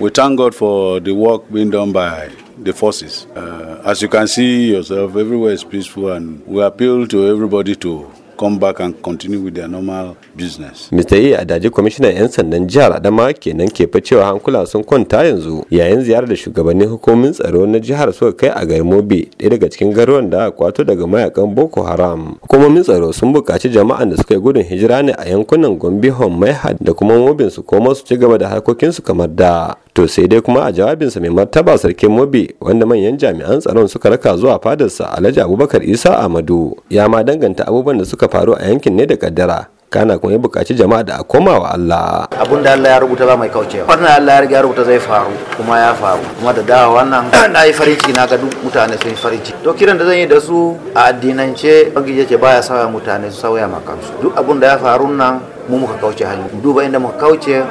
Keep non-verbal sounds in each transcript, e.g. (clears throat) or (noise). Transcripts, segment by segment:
We thank God for the work being done by the forces. Uh, as you can see yourself, everywhere is peaceful, and we appeal to everybody to come back and continue with their normal business. Mr. E. Adaji Commissioner 'yan sandan jihar Adama kenan ke cewa hankula sun kwanta yanzu yayin ziyarar da shugabannin hukumomin tsaro na jihar suka kai a garin Mobe ɗaya daga cikin garuruwan da aka kwato daga mayakan Boko Haram. Hukumomin tsaro sun buƙaci jama'an da suka yi gudun hijira ne a yankunan Gombe, Hommaiha da kuma Mobin su koma su ci gaba da harkokinsu kamar da. to sai dai kuma a jawabinsa mai martaba sarkin mobi wanda manyan jami'an tsaron suka raka zuwa fadarsa alhaji abubakar isa amadu ya ma danganta abubuwan da suka faru a yankin ne da kaddara kana kuma ya buƙaci jama'a da a koma wa Allah. Abun da Allah ya rubuta ba mai kaucewa. Wannan Allah ya riga rubuta zai faru kuma ya faru kuma da dawa wannan (clears throat) na yi farin ciki na ga duk mutane sun yi farin ciki. To kiran da zan yi da su a addinance bangiji ce baya sauya mutane su sauya ma kansu. Duk abun da ya faru nan mu muka kauce hanya. Duba inda muka kauce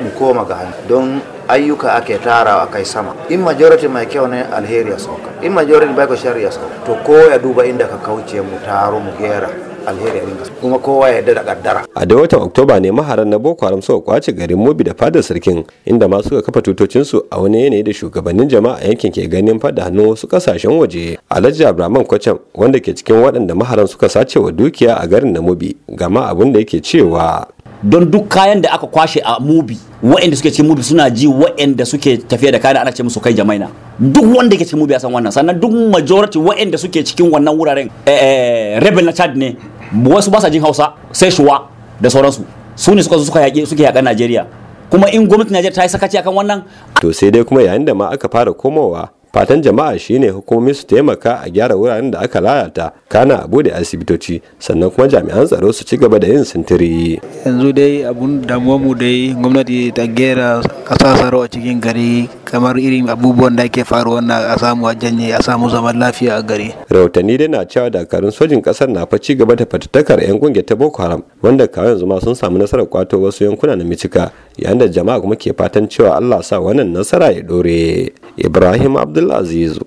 mu koma ga hali. don ayyuka ake tarawa kai sama in majority mai kyau ne alheri ya sauka in majority bai ko shari ya sauka to ko ya duba inda ka kauce mu taro mu gera alheri ya ringa kuma kowa ya da kaddara a da watan oktoba ne maharan na boko haram suka kwace garin mobi da fadar sarkin inda ma suka kafa tutocinsu a wani yanayi da shugabannin jama'a yankin ke ganin fada hannun wasu kasashen waje alhaji abraman kwacham wanda ke cikin waɗanda maharan suka sace wa dukiya a garin na mobi gama abin da yake cewa don duk kayan da aka kwashe a mubi wa'anda suke cikin mubi suna ji wa'anda suke tafiya da kayan ana ce musu kai jamaina duk wanda yake cikin mubi ya san wannan sannan duk majority wa'anda suke cikin wannan wuraren eh, eh, rebel na chad ne wasu ba sa jin hausa sai shuwa da sauransu su ne suka zo suka yaƙi suke yaƙan najeriya kuma in gwamnatin najeriya ta yi sakaci akan wannan to sai dai kuma yayin da ma aka fara komowa fatan jama'a shine hukumomi su taimaka a gyara wuraren da aka lalata kana abu da asibitoci sannan kuma jami'an tsaro su ci gaba da yin sintiri yanzu dai abun damuwa mu dai gwamnati ta gera kasa tsaro a cikin gari kamar irin abubuwan da ke faruwa na a samu a a samu zaman lafiya a gari rahotanni dai na cewa dakarun sojin kasar na fa ci gaba da fatattakar yan kungiyar ta boko haram wanda kawai yanzu ma sun samu nasarar kwato wasu yankuna na micika yayin da jama'a kuma ke fatan cewa Allah sa wannan nasara ya dore Ibrahim Abdulaziz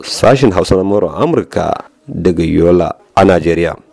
sashin Hausa na Amurka daga Yola a Najeriya